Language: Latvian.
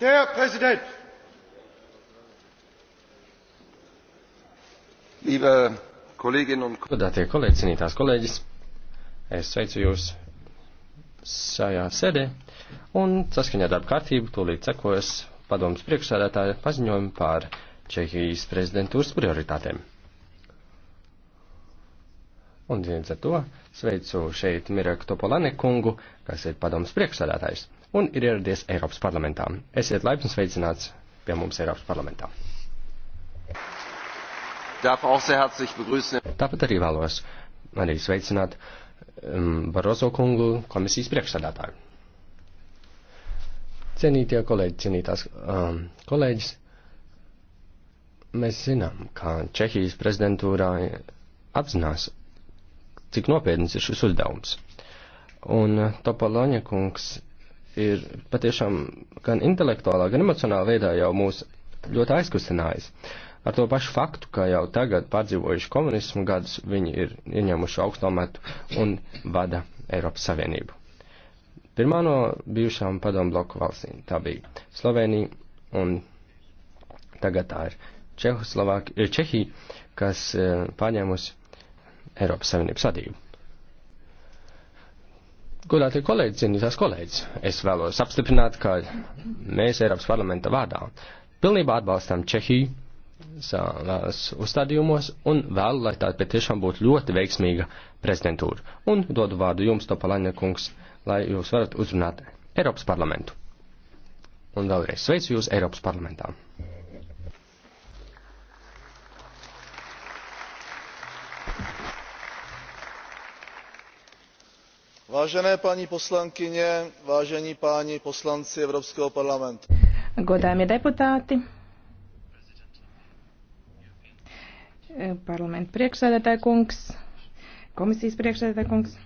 Der Präsident! Liebe Kolleginnen un... und Godātie kolēģi, cienītās kolēģis, es sveicu jūs šajā sēdē un saskaņā darba kārtību tūlīt sekojas padomas priekšsēdētāja paziņojumu par Čehijas prezidentūras prioritātēm. Un viens ar to sveicu šeit Mirak Topolanekungu, kas ir padomas priekšsēdētājs un ir ieradies Eiropas parlamentā. Esiet laipni sveicināts pie mums Eiropas parlamentā. Tāpat arī vēlos arī sveicināt um, Barozo kungu komisijas priekšsādātāju. Cienītie kolēģi, cienītās um, kolēģis, mēs zinām, ka Čehijas prezidentūrā apzinās, cik nopietns ir šis uzdevums. Un uh, Topoloņa kungs ir patiešām gan intelektuālā, gan emocionālā veidā jau mūs ļoti aizkustinājis. Ar to pašu faktu, ka jau tagad pārdzīvojuši komunismu gadus, viņi ir ieņēmuši augstomētu un vada Eiropas Savienību. Pirmā no bijušām padomu bloku valstīm tā bija Slovenija un tagad tā ir Čehoslovākija, eh, Čehija, kas eh, pārņēmusi Eiropas Savienības vadību. Godātie kolēģi, cienītās kolēģis, es vēlos apstiprināt, ka mēs Eiropas parlamenta vārdā pilnībā atbalstām Čehiju savās uzstādījumos un vēlu, lai tā patiešām būtu ļoti veiksmīga prezidentūra. Un dodu vārdu jums, Topalaņa kungs, lai jūs varat uzrunāt Eiropas parlamentu. Un vēlreiz sveicu jūs Eiropas parlamentā. vážené paní poslankyně vážení páni poslanci evropského parlamentu godājamie deputāti eh, parlamenta priekšsēdētāja kungs komisijas priekšsēdētāja kungs